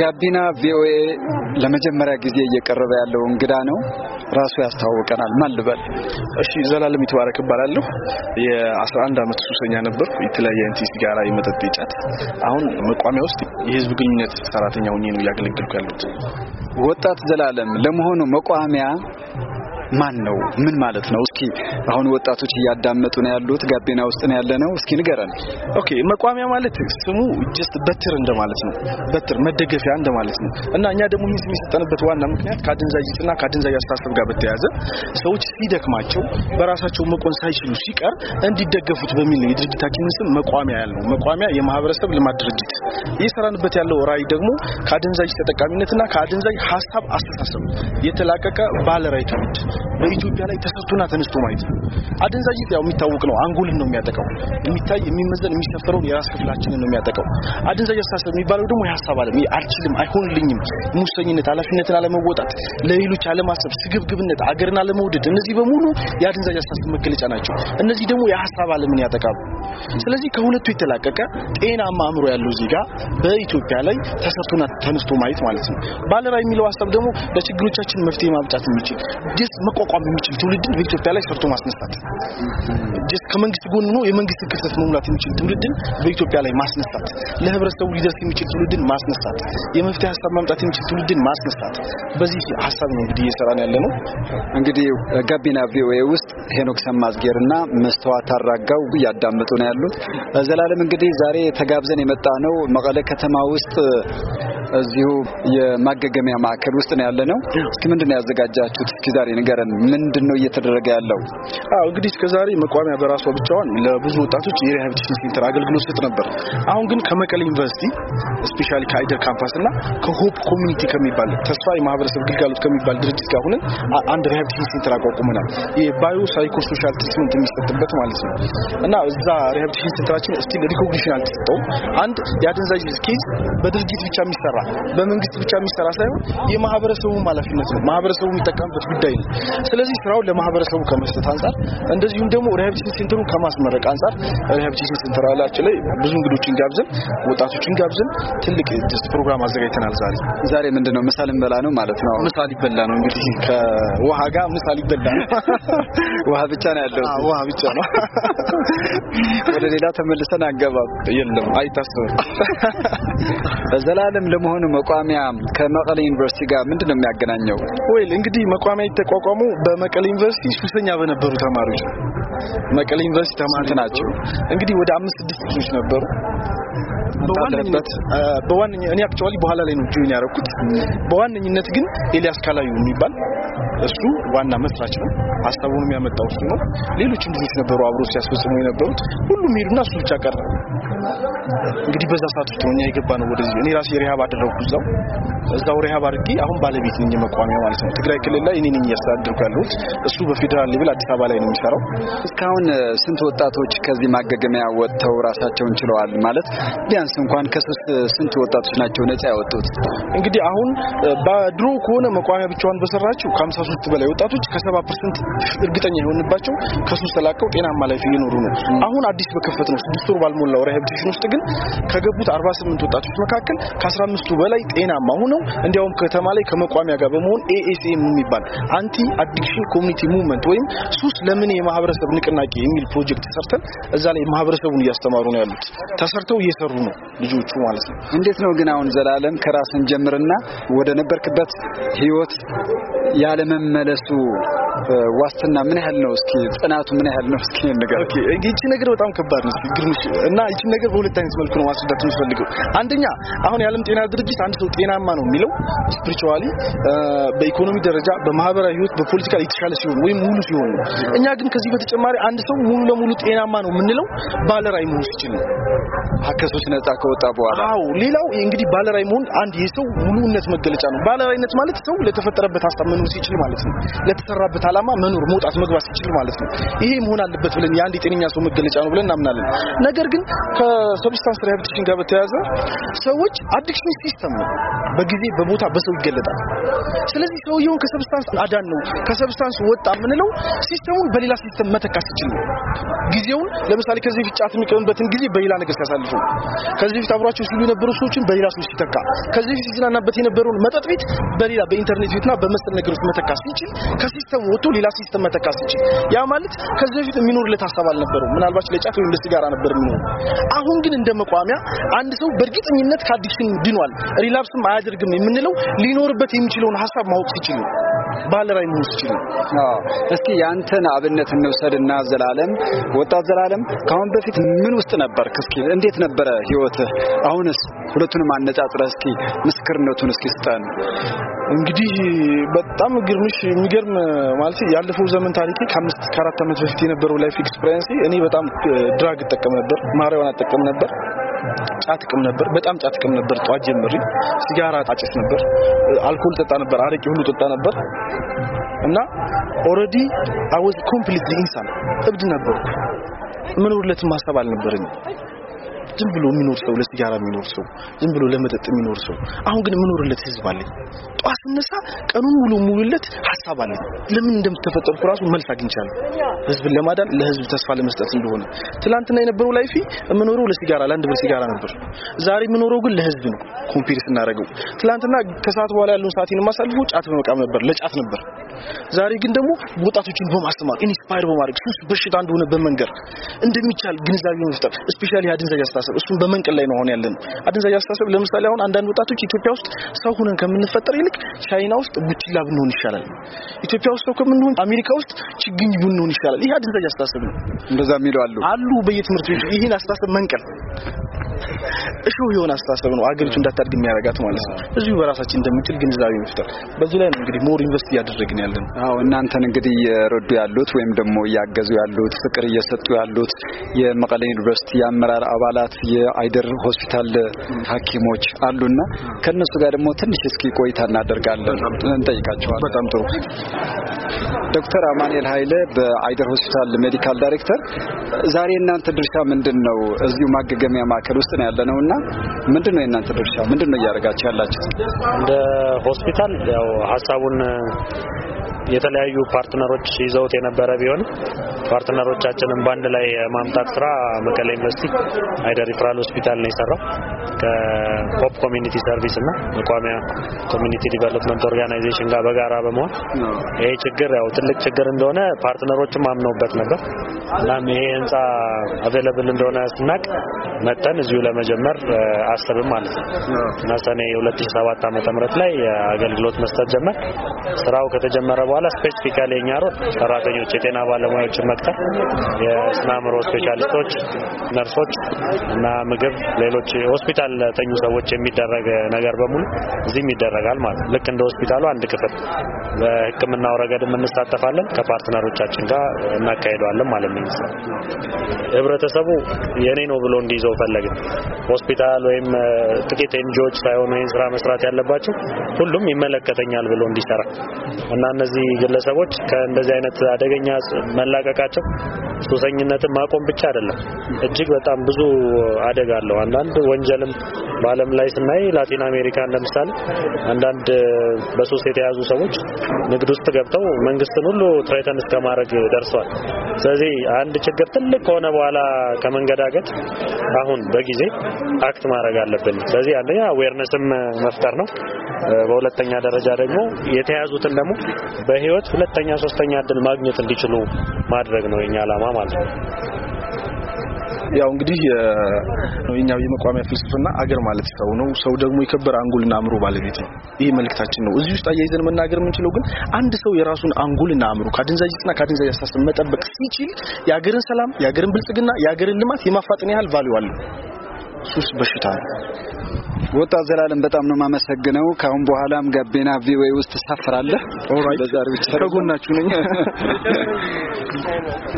ጋቢና ቪኦኤ ለመጀመሪያ ጊዜ እየቀረበ ያለው እንግዳ ነው። ራሱ ያስተዋውቀናል። ማን ልበል? እሺ፣ ዘላለም ይትባረክ እባላለሁ። የ11 ዓመት ሱሰኛ ነበር። የተለያየ አይነት ሲጋራ፣ የመጠጥ፣ የጫት። አሁን መቋሚያ ውስጥ የህዝብ ግንኙነት ሰራተኛ ሆኜ ነው እያገለገልኩ ያለሁት። ወጣት ዘላለም፣ ለመሆኑ መቋሚያ ማን ነው? ምን ማለት ነው? እስኪ አሁን ወጣቶች እያዳመጡ ነው ያሉት፣ ጋቢና ውስጥ ነው ያለ ነው። እስኪ ንገረን። ኦኬ መቋሚያ ማለት ስሙ ጀስት በትር እንደማለት ነው። በትር መደገፊያ እንደማለት ነው። እና እኛ ደግሞ ይህን የሚሰጠንበት የሰጠንበት ዋና ምክንያት ከአደንዛዥ እጽና ከአደንዛዥ አስተሳሰብ ጋር በተያያዘ ሰዎች ሲደክማቸው በራሳቸው መቆን ሳይችሉ ሲቀር እንዲደገፉት በሚል ነው የድርጅታችንን ስም መቋሚያ ያልነው። መቋሚያ የማህበረሰብ ልማት ድርጅት እየሰራንበት ያለው ራዕይ ደግሞ ከአደንዛዥ ተጠቃሚነትና ከአደንዛዥ ሀሳብ አስተሳሰብ የተላቀቀ ባለራዕይ ትውልድ በኢትዮጵያ ላይ ተሰርቶና ተነስቶ ማየት ነው። አደንዛዥ ያው የሚታወቅ ነው። አንጎልን ነው የሚያጠቃው። የሚታይ የሚመዘን የሚሰፈረውን የራስ ክፍላችንን ነው የሚያጠቃው። አደንዛዥ አስተሳሰብ የሚባለው ደግሞ የሀሳብ ዓለም አልችልም፣ አይሆንልኝም፣ ሙሰኝነት፣ ኃላፊነትን አለመወጣት፣ ለሌሎች አለማሰብ፣ ስግብግብነት፣ አገርን አለመውደድ፣ እነዚህ በሙሉ የአደንዛዥ አስተሳሰብ መገለጫ ናቸው። እነዚህ ደግሞ የሀሳብ ዓለምን ያጠቃሉ። ስለዚህ ከሁለቱ የተላቀቀ ጤናማ አእምሮ ያለው እዚህ ጋር በኢትዮጵያ ላይ ተሰርቶና ተነስቶ ማየት ማለት ነው። ባለራዕይ የሚለው ሀሳብ ደግሞ ለችግሮቻችን መፍትሄ ማምጣት የሚችል ጀስት መቋቋም የሚችል ትውልድን በኢትዮጵያ ላይ ሰርቶ ማስነሳት፣ ጀስት ከመንግስት ጎን ነው የመንግስት ክፍተት መሙላት የሚችል ትውልድን በኢትዮጵያ ላይ ማስነሳት፣ ለህብረተሰቡ ሊደርስ የሚችል ትውልድን ማስነሳት፣ የመፍትሄ ሀሳብ ማምጣት የሚችል ትውልድን ማስነሳት። በዚህ ሀሳብ ነው እንግዲህ እየሰራን ያለ ነው። እንግዲህ ጋቢና ቪኦኤ ውስጥ ሄኖክ ሰማዝጌርና መስተዋት አራጋው ያዳመጡ ነው ያሉት። ዘላለም እንግዲህ ዛሬ ተጋብዘን የመጣ ነው መቀለ ከተማ ውስጥ እዚሁ የማገገሚያ ማዕከል ውስጥ ነው ያለ ነው። እስኪ ምንድን ነው ያዘጋጃችሁት? እስኪ ዛሬ ንገረን፣ ምንድን ነው እየተደረገ ያለው? አዎ እንግዲህ እስከዛሬ መቋሚያ በራሷ ብቻዋን ለብዙ ወጣቶች የሪሃብሊቴሽን ሴንተር አገልግሎት ስጥ ነበር። አሁን ግን ከመቀሌ ዩኒቨርሲቲ ስፔሻሊ ከአይደር ካምፓስ እና ከሆፕ ኮሚኒቲ ከሚባል ተስፋ የማህበረሰብ ግልጋሎት ከሚባል ድርጅት ጋር ሆነን አንድ ሪሃብሊቴሽን ሴንተር አቋቁመናል። የባዮ ሳይኮ ሶሻል ትሪትመንት የሚሰጥበት ማለት ነው እና እዛ ሪሃብሊቴሽን ሴንተራችን ስቲል ሪኮግኒሽን አልተሰጠውም። አንድ የአደንዛዥ ኬዝ በድርጅት ብቻ የሚሰራ በመንግስት ብቻ የሚሰራ ሳይሆን የማህበረሰቡ ኃላፊነት ነው። ማህበረሰቡ የሚጠቀምበት ጉዳይ ነው። ስለዚህ ስራውን ለማህበረሰቡ ከመስጠት አንጻር እንደዚሁም ደግሞ ሪሃብሊቴሽን ሴንተሩን ከማስመረቅ አንጻር ሪሃብሊቴሽን ሴንተር አላቸው ላይ ብዙ እንግዶችን ጋብዘን ወጣቶችን ጋብዘን ትልቅ ፕሮግራም አዘጋጅተናል። ዛሬ ዛሬ ነው ምሳ ልንበላ ነው ማለት ነው። ምሳ ሊበላ ነው እንግዲህ ከውሃ ጋር ምሳ ሊበላ ነው። ውሃ ብቻ ነው ያለው። ውሃ ብቻ ነው። ወደ ሌላ ተመልሰን አገባም የለም አይታሰብም። በዘላለም ለመሆኑ መቋሚያ ከመቀሌ ዩኒቨርሲቲ ጋር ምንድን ነው የሚያገናኘው? ወይል እንግዲህ መቋሚያ የተቋቋሙ በመቀሌ ዩኒቨርሲቲ ሱሰኛ በነበሩ ተማሪዎች ነው። መቀሌ ዩኒቨርሲቲ ተማሪ ናቸው እንግዲህ ወደ አምስት ስድስት ልጆች ነበሩ። በዋነኝነት እኔ አክቹዋሊ በኋላ ላይ ነው ጆይን ያደረኩት። በዋነኝነት ግን ኤልያስ ካላዩ የሚባል እሱ ዋና መስራች ነው። ሀሳቡንም ያመጣው እሱ ነው። ሌሎችም ልጆች ነበሩ አብሮ ሲያስፈጽሙ የነበሩት ሁሉም ሄዱና እሱ ብቻ ቀረ። እንግዲህ በዛ ሰዓት ውስጥ ነው እኛ ነው ወደዚህ። እኔ ራሴ ሪሃብ አደረኩ እዛው እዛው ሪሃብ አድርጌ አሁን ባለቤት ነኝ መቋሚያ ማለት ነው። ትግራይ ክልል ላይ እኔ ነኝ እያስተዳደርኩ ያለሁት። እሱ በፌዴራል ሌቭል አዲስ አበባ ላይ ነው የሚሰራው። እስካሁን ስንት ወጣቶች ከዚህ ማገገሚያ ወጥተው ራሳቸውን ችለዋል? ማለት ቢያንስ እንኳን ከሱስ ስንት ወጣቶች ናቸው ነጻ ያወጡት? እንግዲህ አሁን በድሮ ከሆነ መቋሚያ ብቻዋን በሰራችው ከ53 በላይ ወጣቶች ከ70% እርግጠኛ የሆንባቸው ከሱስ ተላቀው ጤናማ ላይፍ እየኖሩ ነው። አሁን አዲስ በከፈት ነው ስድስት ወር ባልሞላው ሪሃብሊቴሽን ውስጥ ግን ከገቡት 48 ወጣቶች መካከል ከ15ቱ በላይ ጤናማ ሆነው እንዲያውም ከተማ ላይ ከመቋሚያ ጋር በመሆን ኤኤስኤም የሚባል አንቲ አዲክሽን ኮሚኒቲ ሙቭመንት ወይም ሱስ ለምን የማህበረሰብ ንቅናቄ የሚል ፕሮጀክት ሰርተን እዛ ላይ ማህበረሰቡን እያስተማሩ ነው ያሉት። ተሰርተው እየሰሩ ነው ልጆቹ ማለት ማለት ነው። እንዴት ነው ግን አሁን ዘላለም ከራስን ጀምርና ወደ ነበርክበት ህይወት ያለመመለሱ ዋስትና ምን ያህል ነው? እስኪ ጽናቱ ምን ያህል ነው? እስኪ ነገር ይቺ ነገር በጣም ከባድ ነው ግርምሽ። እና ይቺ ነገር በሁለት አይነት መልኩ ነው ማስረዳት የምፈልገው። አንደኛ አሁን የዓለም ጤና ድርጅት አንድ ሰው ጤናማ ነው የሚለው ስፒሪቹዋሊ፣ በኢኮኖሚ ደረጃ፣ በማህበራዊ ህይወት፣ በፖለቲካ የተሻለ ሲሆን ወይም ሙሉ ሲሆን ነው። እኛ ግን ከዚህ በተጨማሪ አንድ ሰው ሙሉ ለሙሉ ጤናማ ነው የምንለው ባለራዕይ መሆን ሲችል ነው። ከሱስ ነጻ ከወጣ በኋላ አዎ ሌላው እንግዲህ ባለራይ መሆን አንድ የሰው ሙሉነት መገለጫ ነው። ባለራይነት ማለት ሰው ለተፈጠረበት ሀሳብ መኖር ሲችል ማለት ነው። ለተሰራበት ዓላማ መኖር፣ መውጣት፣ መግባት ሲችል ማለት ነው። ይሄ መሆን አለበት ብለን የአንድ የጤነኛ ሰው መገለጫ ነው ብለን እናምናለን። ነገር ግን ከሰብስታንስ ሪሃብሊቴሽን ጋር በተያያዘ ሰዎች አዲክሽን ሲስተም ነው። በጊዜ በቦታ በሰው ይገለጣል። ስለዚህ ሰውየውን ከሰብስታንስ አዳን ነው ከሰብስታንስ ወጣ የምንለው ሲስተሙን በሌላ ሲስተም መተካት ሲችል ነው። ጊዜውን ለምሳሌ ከዚህ ጫት የሚቀምበትን ጊዜ በሌላ ነገር ሲያሳልፉ ከዚህ በፊት አብሯቸው ሲገቡ የነበሩ ሰዎችን በሌላ ሰዎች ሲተካ ከዚህ ፊት ሲዝናናበት የነበረውን መጠጥ ቤት በሌላ በኢንተርኔት ቤትና በመሰል ነገሮች መተካ ሲችል ከሲስተም ወጥቶ ሌላ ሲስተም መተካ ሲችል ያ ማለት ከዚህ በፊት የሚኖርለት ሀሳብ አልነበረውም። ምናልባት ለጫት ወይም ለሲጋራ ነበር የሚኖሩ። አሁን ግን እንደ መቋሚያ አንድ ሰው በእርግጠኝነት ከአዲክሽን ድኗል፣ ሪላፕስም አያደርግም የምንለው ሊኖርበት የሚችለውን ሀሳብ ማወቅ ሲችል ባለራይ መሆን ሲችል አዎ። እስኪ ያንተን አብነት እንውሰድና ዘላለም ወጣት ዘላለም ከአሁን በፊት ምን ውስጥ ነበር? እስኪ እንዴት ነበረ ህይወትህ? አሁን አሁንስ ሁለቱንም አነጻጽረህ እስኪ ምስክርነቱን እስኪ ስጠን። እንግዲህ በጣም ግርምሽ የሚገርም ማለት ያለፈው ዘመን ታሪኬ ከአምስት ከአራት ዓመት በፊት የነበረው ላይፍ ኤክስፒሪየንስ እኔ በጣም ድራግ እጠቀም ነበር፣ ማሪዋን አጠቀም ነበር፣ ጫት እቅም ነበር፣ በጣም ጫት እቅም ነበር። ጠዋት ጀምሬ ሲጋራ ጣጭስ ነበር፣ አልኮል ጠጣ ነበር፣ አረቄ ሁሉ ጠጣ ነበር እና ኦልሬዲ አይ ዋዝ ኮምፕሊትሊ ኢንሳን እብድ ነበርኩ። ምኖርለትም ማሰብ አልነበረኝም። ዝም ብሎ የሚኖር ሰው፣ ለሲጋራ የሚኖር ሰው፣ ዝም ብሎ ለመጠጥ የሚኖር ሰው። አሁን ግን የምኖርለት ህዝብ አለኝ። ጠዋት ስነሳ ቀኑን ሙሉ ሙሉለት ሀሳብ አለኝ። ለምን እንደምትፈጠርኩ ራሱ መልስ አግኝቻለሁ። ህዝብን ለማዳን ለህዝብ ተስፋ ለመስጠት እንደሆነ ትላንትና የነበረው ላይፊ የምኖረው ለሲጋራ ለአንድ ብር ሲጋራ ነበር። ዛሬ የምኖረው ግን ለህዝብ ነው። ኮምፒሪስ እናደርገው። ትላንትና ከሰዓት በኋላ ያለውን ሰዓት የማሳልፈው ጫት በመቃም ነበር፣ ለጫት ነበር። ዛሬ ግን ደግሞ ወጣቶችን በማስተማር ኢንስፓየር በማድረግ ሱስ በሽታ እንደሆነ በመንገር እንደሚቻል ግንዛቤ መፍጠር ስፔሻሊ አደንዛዥ አስተሳሰብ እሱን በመንቀል ላይ ነው አሁን ያለን። አደንዛዥ አስተሳሰብ ለምሳሌ አሁን አንዳንድ ወጣቶች ኢትዮጵያ ውስጥ ሰው ሆነን ከምንፈጠር ይልቅ ቻይና ውስጥ ቡችላ ብንሆን ይሻላል፣ ኢትዮጵያ ውስጥ ሰው ከምንሆን አሜሪካ ውስጥ ችግኝ ብንሆን ይሻላል። ይህ አደንዛዥ አስተሳሰብ ነው። እንደዛ የሚሉ አሉ አሉ በየትምህርት ቤቱ ይህን አስተሳሰብ መንቀል እሾህ የሆነ አስተሳሰብ ነው አገሪቱ እንዳታድግ የሚያደርጋት ማለት ነው። እዚሁ በራሳችን እንደምንችል ግንዛቤ መፍጠር፣ በዚህ ላይ ነው እንግዲህ ሞር ኢንቨስት እያደረግን ያለን። አዎ እናንተን እንግዲህ እየረዱ ያሉት ወይም ደግሞ እያገዙ ያሉት ፍቅር እየሰጡ ያሉት የመቀሌ ዩኒቨርሲቲ የአመራር አባላት የአይደር ሆስፒታል ሐኪሞች አሉና ከእነሱ ጋር ደግሞ ትንሽ እስኪ ቆይታ እናደርጋለን እንጠይቃቸዋለን። በጣም ጥሩ። ዶክተር አማኑኤል ኃይለ በአይደር ሆስፒታል ሜዲካል ዳይሬክተር፣ ዛሬ እናንተ ድርሻ ምንድን ነው? እዚሁ ማገገሚያ ማዕከል ውስጥ ነው ያለነውና እና ምንድን ነው የእናንተ ድርሻ? ምንድን ነው እያደረጋችሁ ያላችሁ? እንደ ሆስፒታል ያው ሀሳቡን የተለያዩ ፓርትነሮች ይዘውት የነበረ ቢሆንም ፓርትነሮቻችንን በአንድ ላይ የማምጣት ስራ መቀሌ ዩኒቨርሲቲ አይደር ሪፍራል ሆስፒታል ነው የሰራው ከፖፕ ኮሚኒቲ ሰርቪስ እና መቋሚያ ኮሚኒቲ ዲቨሎፕመንት ኦርጋናይዜሽን ጋር በጋራ በመሆን ይሄ ችግር ያው ትልቅ ችግር እንደሆነ ፓርትነሮችም አምነውበት ነበር። እናም ይሄ ህንፃ አቬለብል እንደሆነ ስናቅ መጠን እዚሁ ለመጀመር አስብም ማለት ነው እና ሰኔ 2007 ዓ.ም ላይ አገልግሎት መስጠት ጀመር። ስራው ከተጀመረ በኋላ በኋላ ስፔሲፊካሊ የኛ ሮል ሰራተኞች፣ የጤና ባለሙያዎችን መቅጠር፣ የስነ አእምሮ ስፔሻሊስቶች፣ ነርሶች እና ምግብ፣ ሌሎች ሆስፒታል ለተኙ ሰዎች የሚደረግ ነገር በሙሉ እዚህም ይደረጋል ማለት ልክ እንደ ሆስፒታሉ አንድ ክፍል በሕክምናው ረገድም እንሳተፋለን ከፓርትነሮቻችን ጋር እናካሄደዋለን ማለት ነው። ህብረተሰቡ የኔ ነው ብሎ እንዲይዘው ፈለግን። ሆስፒታል ወይም ጥቂት ኤንጂዎች ሳይሆኑ ይህን ስራ መስራት ያለባቸው ሁሉም ይመለከተኛል ብሎ እንዲሰራ እና እነዚህ እነዚህ ግለሰቦች ከእንደዚህ አይነት አደገኛ መላቀቃቸው ሱሰኝነትን ማቆም ብቻ አይደለም፣ እጅግ በጣም ብዙ አደጋ አለው። አንዳንድ ወንጀልም በዓለም ላይ ስናይ ላቲን አሜሪካ እንደምሳሌ አንዳንድ በሱስ የተያዙ ሰዎች ንግድ ውስጥ ገብተው መንግስትን ሁሉ ትሬተን እስከማድረግ ደርሰዋል። ስለዚህ አንድ ችግር ትልቅ ከሆነ በኋላ ከመንገዳገድ አሁን በጊዜ አክት ማድረግ አለብን። ስለዚህ አንደኛ አዌርነስም መፍጠር ነው። በሁለተኛ ደረጃ ደግሞ የተያዙትን ደግሞ በህይወት ሁለተኛ ሶስተኛ እድል ማግኘት እንዲችሉ ማድረግ ነው የኛ አላማ ማለት ነው። ያው እንግዲህ የኛው የመቋሚያ ፍልስፍና አገር ማለት ሰው ነው። ሰው ደግሞ የከበረ አንጉልና አእምሮ ባለቤት ነው። ይሄ መልእክታችን ነው። እዚህ ውስጥ አያይዘን መናገር የምንችለው ግን አንድ ሰው የራሱን አንጉልና አእምሮ ከአደንዛዥና ከአደንዛዥ አስተሳሰብ መጠበቅ ሲችል የአገርን ሰላም፣ የአገርን ብልጽግና፣ የአገርን ልማት የማፋጠን ያህል ቫልዩ አለው። ሱስ በሽታ ነው። ወጣት ዘላለም በጣም ነው የማመሰግነው። ካሁን በኋላም ጋቢና ቪኦኤ ውስጥ ትሳፍራለህ። ኦራይት ከጎናችሁ ነኝ።